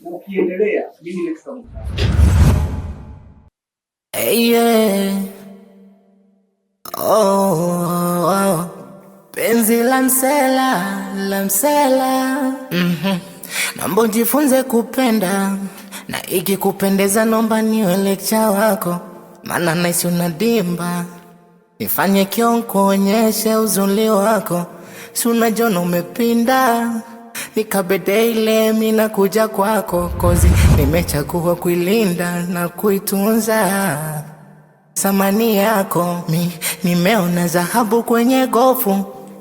na ukiendelea mimi nitakupa yeah. Oh, oh, oh. Penzi la msela la msela mm -hmm. Nambo jifunze kupenda na ikikupendeza nomba niwe lekcha wako, maana naisi unadimba, nifanye kionkuonyeshe uzuli wako, si unajiona umepinda nikabedele, mina kuja kwako kozi, nimechagua kuilinda na kuitunza samani yako mi, nimeona dhahabu kwenye gofu,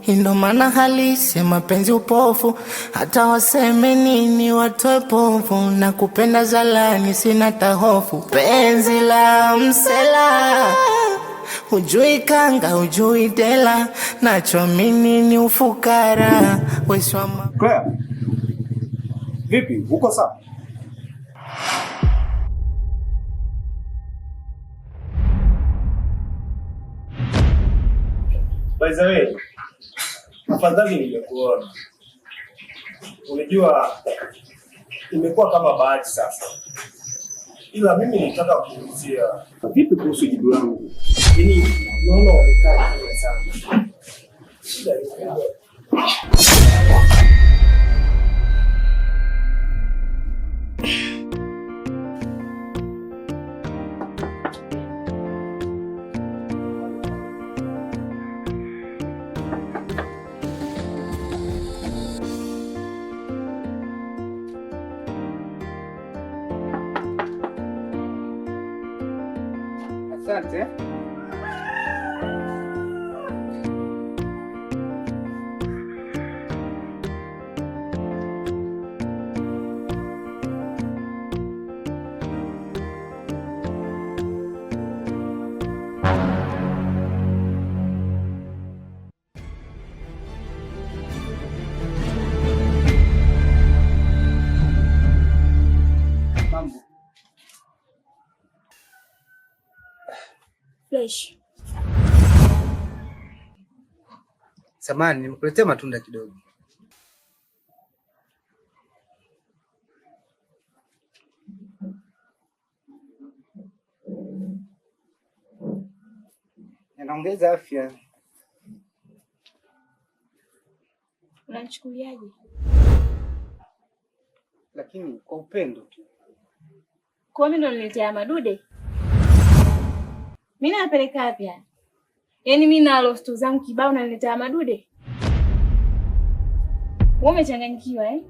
ndo maana halisi mapenzi upofu, hata waseme nini watoe povu, na kupenda zalani sina tahofu, penzi la msela Ujui kanga, ujui dela, nachoamini ni ufukara. Weswama Claire, vipi, uko sawa? By the way, afadhali nimekuona. Unajua imekuwa kama bahati sasa, ila mimi nitaka kuulizia vipi kuhusu jibu langu lakini nono ulikaa kimya sana. Shida ni kubwa. fresh. Samani, nimekuletea matunda kidogo. Naongeza afya. Unachukuliaje? Lakini kwa upendo tu. Kwa mimi ndo madude mimi napeleka wapi? Yaani mimi na rostu zangu kibao naniletea madude. Wewe umechanganyikiwa eh?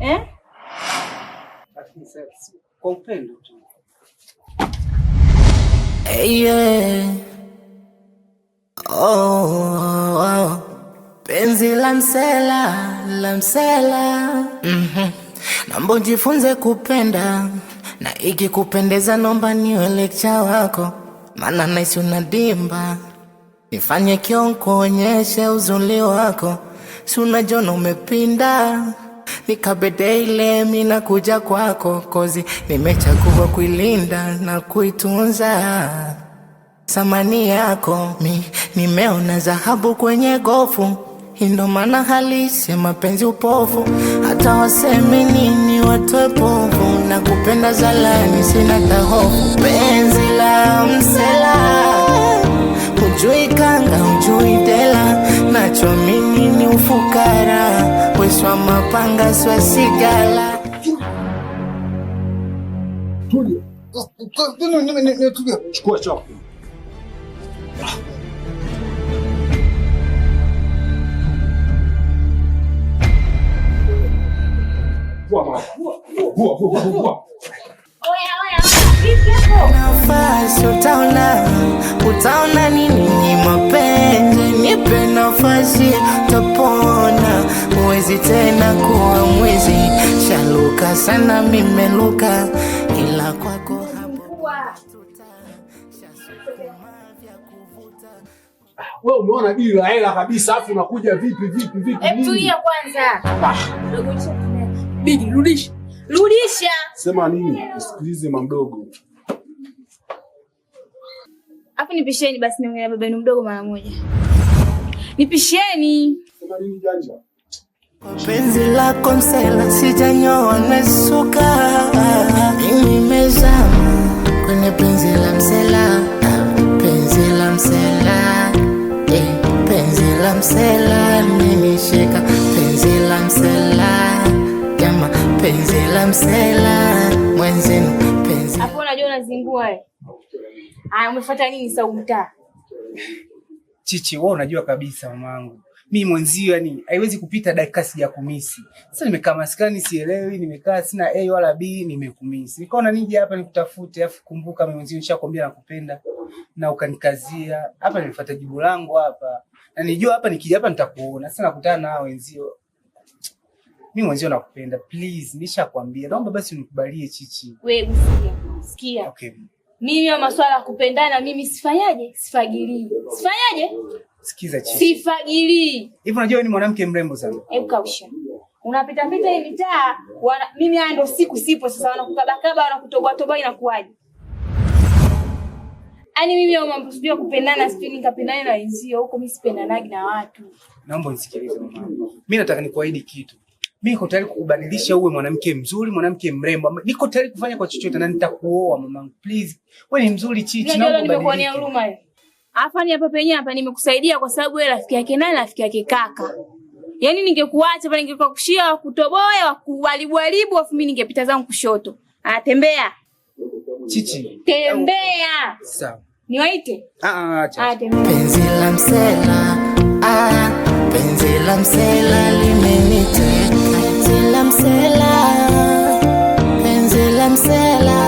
Eh? Kwa upendo tu. Yeah. Oh, oh. Penzi la msela, la msela. Mhm. Mm, Nambo jifunze kupenda na ikikupendeza nomba niwe lekcha wako, maana naisi unadimba, nifanye kyonkuonyeshe uzuli wako, si unajona umepinda nikabede ile mina kuja kwako kozi, nimechagua kuilinda na kuitunza samani yako mi, nimeona dhahabu kwenye gofu, indomana halisi mapenzi upofu hata waseme nini watu povu, na kupenda zalani, sina tahofu. Penzi la msela, hujui kanga, hujui dela nachoamini ni ufukara, weswa mapanga, swa sigala Chukua chako. Ah. utaona, utaona nini? Ni mapenzi, nipe nafasi, topona Huwezi tena kuwa mwizi, shaluka sana, mimeluka ila kwako wewe umeona dili la hela kabisa, afu unakuja vipi vipi vipi? Hebu tulia kwanza. Ah. Bidi rudisha Rudisha. Sema nini? Usikilize mama mdogo. Afu nipisheni basi na baba yenu mdogo mara moja. Nipisheni. Sema nini janja? Penzi la konsela sijanyoa nimesuka. Mimi nimezama kwenye penzi la msela. Penzi la msela. Eh, penzi la msela mimi msela msela mwenzenu penzi. Hapo unajua unazingua eh? Haya, umefuata nini sau mtaa? Chichi, wewe unajua kabisa mamangu. Mimi mwenzio yani haiwezi kupita dakika sija kumisi. Sasa nimekaa maskani sielewi, nimekaa sina A wala B, nimekumisi. Nikaona nije hapa nikutafute, afu kumbuka mimi mwenzio nishakwambia nakupenda na ukanikazia. Hapa nilifuata jibu langu hapa. Na nijua hapa nikija hapa nitakuona. Sasa nakutana na wenzio. Mimi mwenzio nakupenda. Please, nishakwambia. Naomba basi unikubalie Chichi. Wewe usikia. Sikia. Okay. Mimi wa maswala ya kupendana mimi sifanyaje? Sifagilii. Sifanyaje? Sikiza Chichi. Sifagilii. Hivi unajua wewe ni mwanamke mrembo sana. Hebu kausha. Unapita pita hii mitaa, mimi haya ndo siku sipo sasa wanakukabakaba wanakutoboa toboa inakuwaje? Yaani mimi au mambo sijui kupendana sijui nikapendana na wenzio huko mimi sipendanagi na watu. Naomba unisikilize mama. Mimi nataka nikuahidi kitu mimi niko tayari kukubadilisha uwe mwanamke mzuri, mwanamke mrembo, niko tayari kufanya kwa chochote na nitakuoa mamangu, please. Wewe ni mzuri Chichi, naomba ubadilike. Nimekuonea huruma hiyo. Hapa ni hapa penye hapa nimekusaidia kwa sababu wewe rafiki yake nani, rafiki yake kaka. Yaani ningekuacha pale ningekuwa kushia wa kutoboa wa kuwalibu wakubalibwalibu afu mimi ningepita zangu kushoto. Anatembea. Chichi. Tembea. Sawa. Niwaite? Ah ah, acha. Penzi la msela. Ah, penzi la msela. msela,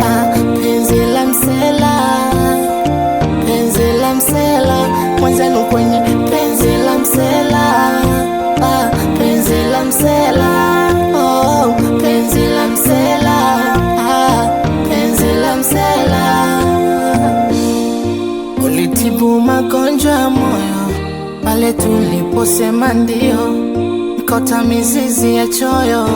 ah, penzi la msela, penzi la msela, mwenzenu kwenye penzi la msela, ah, penzi la msela, oh, penzi la msela, ah, penzi la msela, ulitibu magonjwa moyo pale tuliposema ndio Nimeokota mizizi ya choyo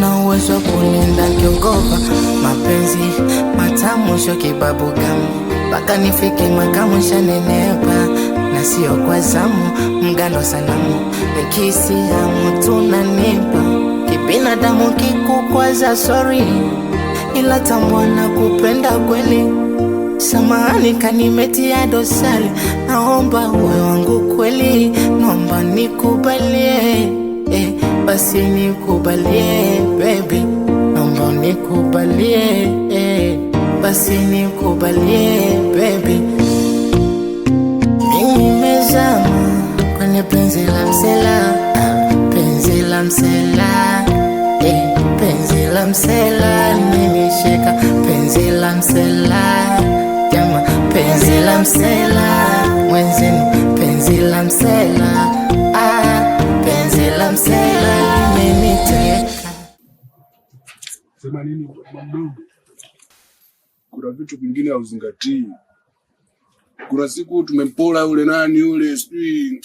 na uwezo kulinda kiongopa mapenzi matamu sho kibabu gamu mpaka nifike makamu shanenepa na sio kwa zamu mgando sanamu nikisi tunanipa kibinadamu kikukwaza sori ila tambua na kupenda kweli Samahani kanimetia dosari, naomba uwe wangu kweli, naomba nikubalie eh, basi nikubalie baby, naomba nikubalie eh, basi nikubalie baby vingine hauzingatii. Kuna siku tumempola yule nani yule, sijui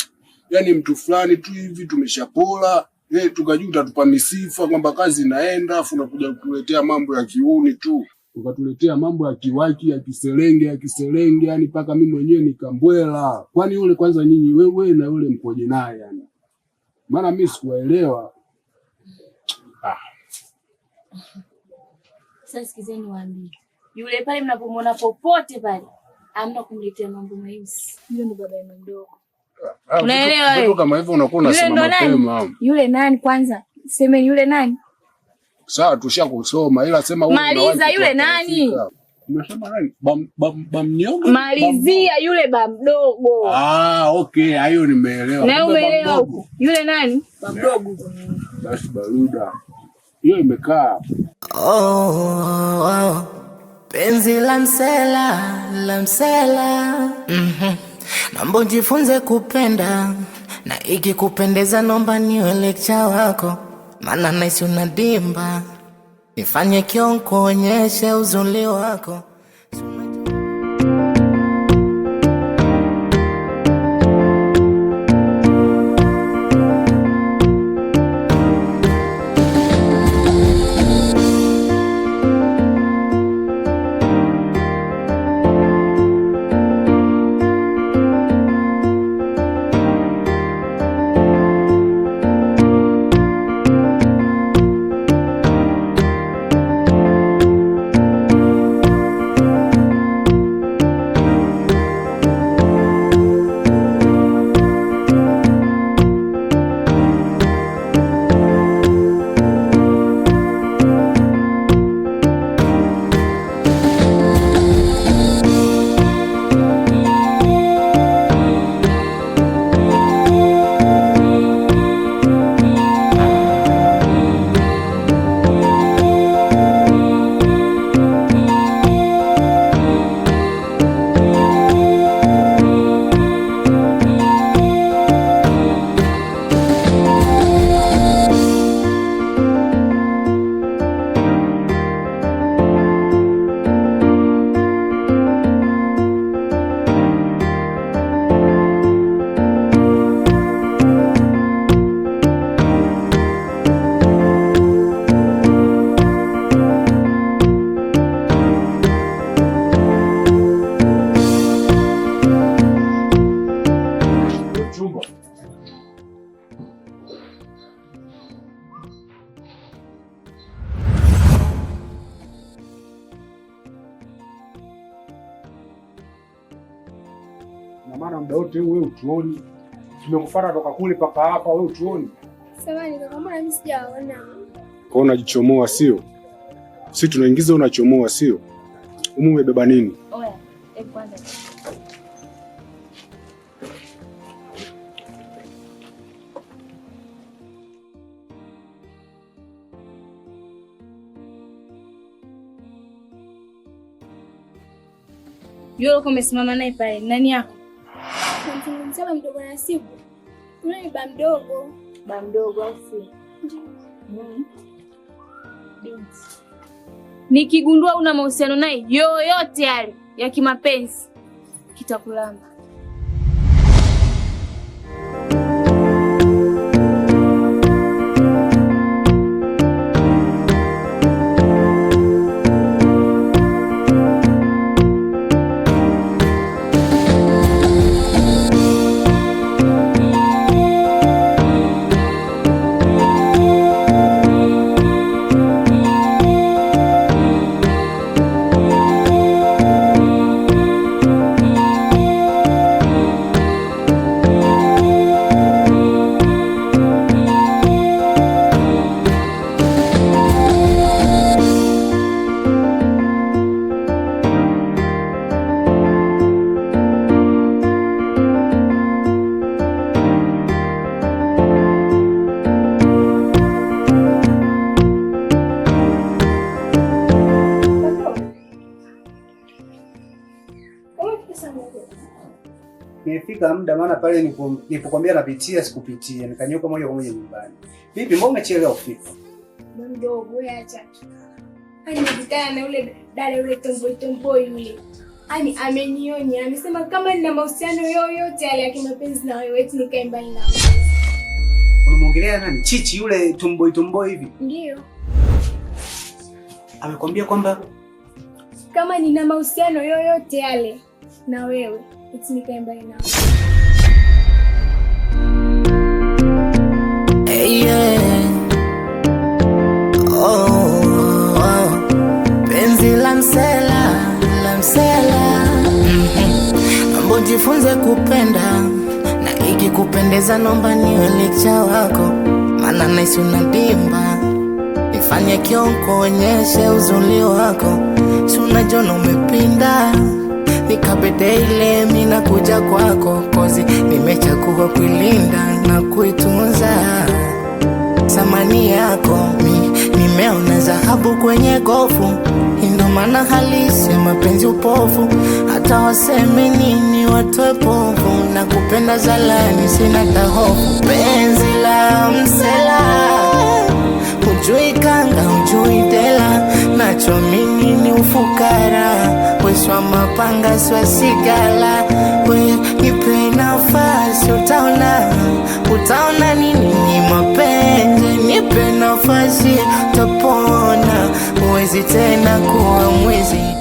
yani mtu fulani tu hivi tumeshapola eh, tukajuta tupa misifa kwamba kazi inaenda, afu unakuja kutuletea mambo ya kiuni tu, ukatuletea mambo ya kiwaki ya kiselenge ya kiselenge, yani mpaka mimi mwenyewe nikambwela. Kwani yule kwanza, nyinyi wewe na yule mkoje naye yani? Maana mimi sikuwaelewa. Ah. Sasa sikizeni waambie yule pale mnapomwona popote pale, amna kumletea mambo muhimu. Yule ni baba yenu mdogo, ah, unaelewa wewe? Kama hivyo unakuwa unasema mapema. Yule nani kwanza, Sema yule nani? Sawa, tushakusoma ila sema wewe. maliza. Yule nani? Malizia yule ba mdogo. Ah, okay, hayo nimeelewa. Na umeelewa huko. yule nani? Ba mdogo. Basi baruda hiyo imekaa Oh, oh, oh. Penzi la msela la msela mhm. Mambo jifunze kupenda na ikikupendeza nomba niwe lekcha wako, maana naisi unadimba, nifanye kio uzuli wako. yote, wewe utuoni, tumekufuata toka kule mpaka hapa, wewe utuoni. Samahani kaka, mbona mimi sijaona? Kwa unajichomoa sio? Sisi tunaingiza unachomoa sio? Umu umebeba nini? Oya, hebu kwanza. Yule uko umesimama naye pale, nani yako? unazungumzia ba mdogo Nasibu? Yule ni ba mdogo. Ba mdogo hmm. Nikigundua una mahusiano naye yoyote yale ya kimapenzi kitakulamba. Ikifika muda, maana pale nilipokuambia napitia, sikupitia, nikanyuka moja kwa moja nyumbani. Vipi, mbona umechelewa kufika? Mdogo, acha ani nikutana na yule dada yule tomboi tomboi yule, ani amenionya, amesema kama nina mahusiano yoyote yale ya kimapenzi na wewe eti nikae mbali na wewe. Unamwongelea nani? Chichi yule tomboi tomboi hivi? Ndio. Amekwambia kwamba kama nina mahusiano yoyote yale na wewe It's Nikae Mbali Nawe. Hey, yeah. Oh, oh. Penzi lamsela lamsela la jifunze kupenda na kupendeza nomba niwe licha wako, mana naisi unadimba nifanye kionko, onyeshe uzuli wako, si umepinda nikape daily, mina kuja kwako kozi, nimechagua kuilinda na kuitunza samani yako mi nimeona dhahabu kwenye gofu, ndo maana halisi ya mapenzi upofu, hata waseme nini watoe povu, na kupenda zalani sina tahofu, penzi la msela, hujui kanga hujui nachoamini ni ufukara, weswa mapanga swa sigala. We nipe nafasi, utaona utaona nini ni mapenzi. Nipe nafasi, topona uwezi tena kuwa mwizi.